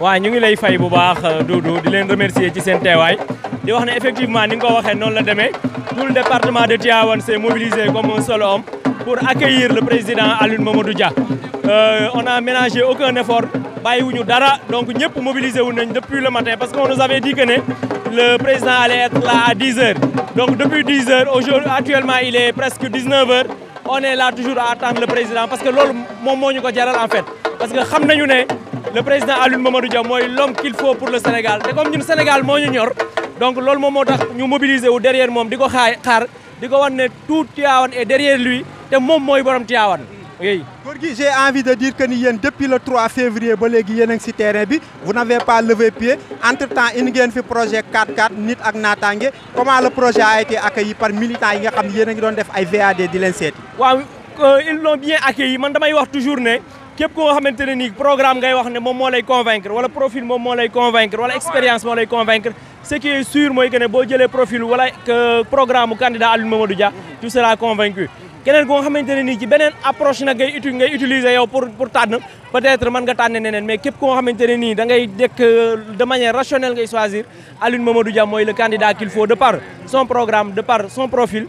Oui, nous ngi lay effectivement tout le département de Tiawan s'est mobilisé comme un seul homme pour accueillir le président Alioune Mamadou Dia euh, on n'a ménagé aucun effort Nous avons donc ñëpp mobilisé mobiliser depuis le matin parce qu'on nous avait dit que le président allait être là à 10 h donc depuis 10 h actuellement il est presque 19 h on est là toujours à attendre le président parce que c'est ce que nous avons en fait parce que le président Alioune Mamadou Dia moy l'homme qu'il faut pour le Sénégal C'est comme ñun Sénégal mo ñu ñor donc lool que nous tax ñu mobiliser derrière mom diko xaar xaar tout wone tout est derrière lui té que moy borom derrière oui. góor j'ai envie de dire que depuis le 3 février ba terrain vous n'avez pas levé pied entre temps indi ngeen fi projet 4-4 nit ak naataange comment le projet a été accueilli par militants yi nga xam ne a ngi VAD di leen seeti. Euh, ils l'ont bien accueilli man damay wax toujours né képp koo xamante ne ni programme ngay wax ne moom moo lay convaincre wala profil moom moo lay convaincre wala expérience moo lay convaincre ce qui est sûr mooy que ne boo jëlee profil wala programme candidat Aliou Mamadou Dia tu seras convaincu keneen ko nga xamante ne nii ci beneen approche nag ngay utiliser. ngay utiliser yow pour pour tànn peut-être mën nga tànn neneen mais képp ko nga xamante ne nii da ngay dekk euh, de manière rationnelle ngay choisir Aliou Mamadou Dia mooy le candidat qu'il faut de par son programme de par son profil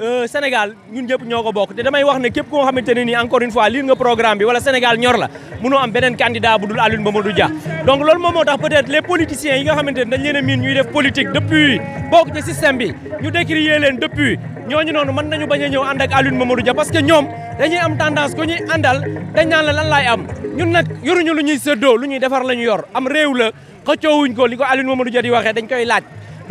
Euh, Senegal, ñun ñëpp ñoko bok té damay wax né képp ko xamanténi ni encore une fois li nga programme bi wala Sénégal ñor la mëno am benen candidat bu dul Alioune Mamadou Dia. donc lool moom moo tax peut-être les politiciens yi nga xamanténi dañ leena min ñuy def politique depuis bok ci système bi ñu décrier leen depuis ñoñu nonu mën nañu baña ñëw ànd ak Mamadou Dia parce que ñom dañuy am tendance ko ñuy andal dañ la lan lay am ñun nak yoruñu lu ñuy seddo lu ñuy défar lañu yor am réew la xëccowuñ ko liko ko Mamadou Dia di waxé dañ koy laaj.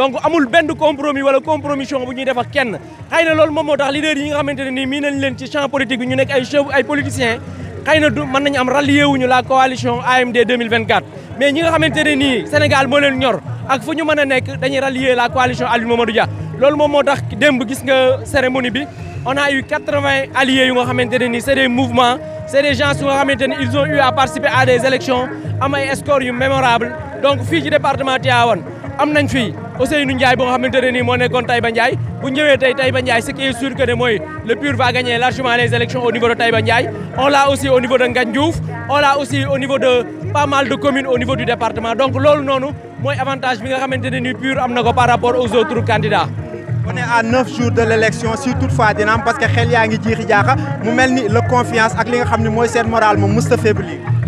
donc amul benn compromis wala compromission bu ñuy def ak kenn xayna lool loolu moom tax leader yi nga xamante ni mi nañ leen ci champ politique bi ñu nek ay chef ay politiciens xayna du mën nañ am rallier wuñu la coalition AMD 2024 mais ñi nga xamante ni nii Sénégal moo leen ñor ak fu ñu mën a dañuy rallier la coalition Aliou Mamadou Dia lool moom tax gis nga cérémonie bi on a eu 80 alliés yu nga xamante ni c'est des mouvements c'est des gens yu nga xamante ils ont eu à participer à des élections am ay scores yu mémorables donc fi ci département Tivaouane nous avons fi Ousseynou Ndiaye boo xamante ne nii moo Taïba Ndiaye bu ñëwé tay Taïba Ndiaye ce qui est sûr que le PUR va gagner largement les élections au niveau de Taïba Ndiaye on l'a aussi au niveau de Ngandjouf, on l'a aussi au niveau de pas mal de communes au niveau du département donc loolu nonu moy avantage bi nga xamantene ni PUR amna ko par rapport aux autres candidats on est à 9 jours de l'élection si toutefois dina am parce que xel yaa ngi jiixi jaaxa mu mel ni la confiance ak li nga xam ne mooy moral moom mës a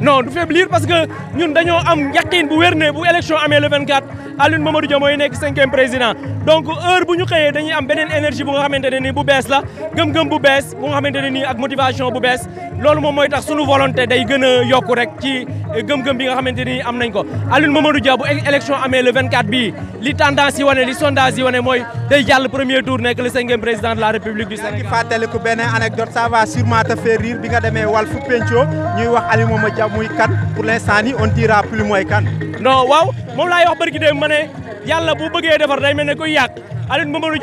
non du faiblir parce que ñun dañoo am yakine bu wér bu élection amé le 24 Alioune Mamadou Dia nek 5e président donc heure bu ñu xëyee dañuy am benen énergie bu nga xamante ni bu bess la gëm-gëm bu bess, bu nga xamante ni ak motivation bu bess. loolu mom moy tax suñu volonté day gëna a yokku rek ci. gëm-gëm bi nga xamante ni am nañ ko Alioune Mamadou Dia bu élection amee le 24 bii li tendance yi wane li sondage yi wane mooy day jàll premier tour nekk le cinquième président de la république du Sénégal. yaa ngi fàttaliku benn anecdote ça va sûrement te faire rire bi nga demee Walf Penco ñuy wax Alioune Mamadou Dia muy kan pour l'instant ni on dira plus mooy kan. non waaw moom laay wax barki démb ma ne yàlla bu bëggee defar day mel ne kuy yàq Alioune Mamadou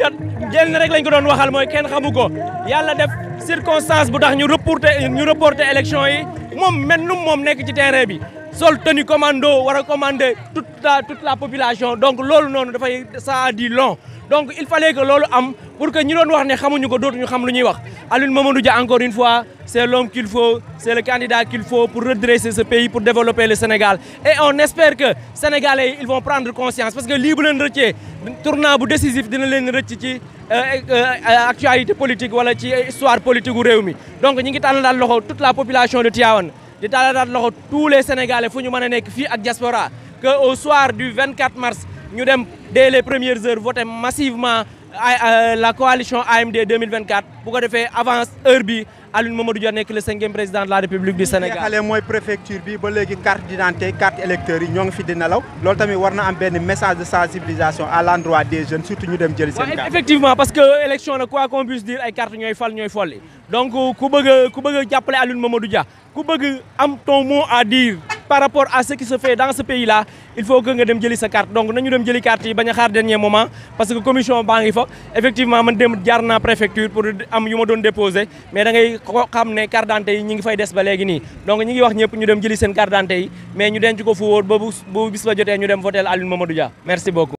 Dia jël moom mel nu moom nekk ci terrain bi sol tenu commando war a commander toute la toute la population donc ça a dit long donc il fallait que lolu am pour que ñi doon wax ne xamuñu ko dootuñu xam lu wax Mamadou encore une fois c'est l'homme qu'il faut c'est le candidat qu'il faut pour redresser ce pays pour développer le Sénégal et on espère que sénégalais ils vont prendre conscience parce que li bu leen rëccee tournant bu décisif dina leen euh, euh, euh, actualité politique wala ci histoire politique donc ñi ngi tànn dal loxo toute la population de Tiawan dans de tous les sénégalais les ñu de à diaspora que au soir du 24 mars nous devons dès les premières heures voter massivement euh, la coalition AMD 2024 pour ko avance heure bi Alioune Mamadou Dia nekk le cinquième président de la République du Sénégal. allez moi préfecture bi ba léegi carte d'identité carte électeur yi ñoo ngi fi di nelaw loolu tamit message de sensibilisation à l'endroit des jeunes surtout ñu dem effectivement parce que élection le quoi qu'on puisse dire ay carte ñooy fal ñooy donc ku bëgg ku bëgg à jàppale moment Mamadou Dia ku bëgg am ton mot à dire. par rapport à ce qui se fait dans ce pays là il faut que nga dem jëli sa carte donc nañu dem jëli carte yi bañ a xaar dernier moment parce que commission baa ngi effectivement man dem jaar naa pour am yu ma doon déposé mais da ngay xam ne carte d'identité yi ñi ngi fay des ba léegi nii donc ñi wax ñëpp ñu dem jëli seen carte d'identité yi mais ñu denc ko fu wóor ba bu bis ba jotee ñu dem voter Aliou Mamadou Dia merci beaucoup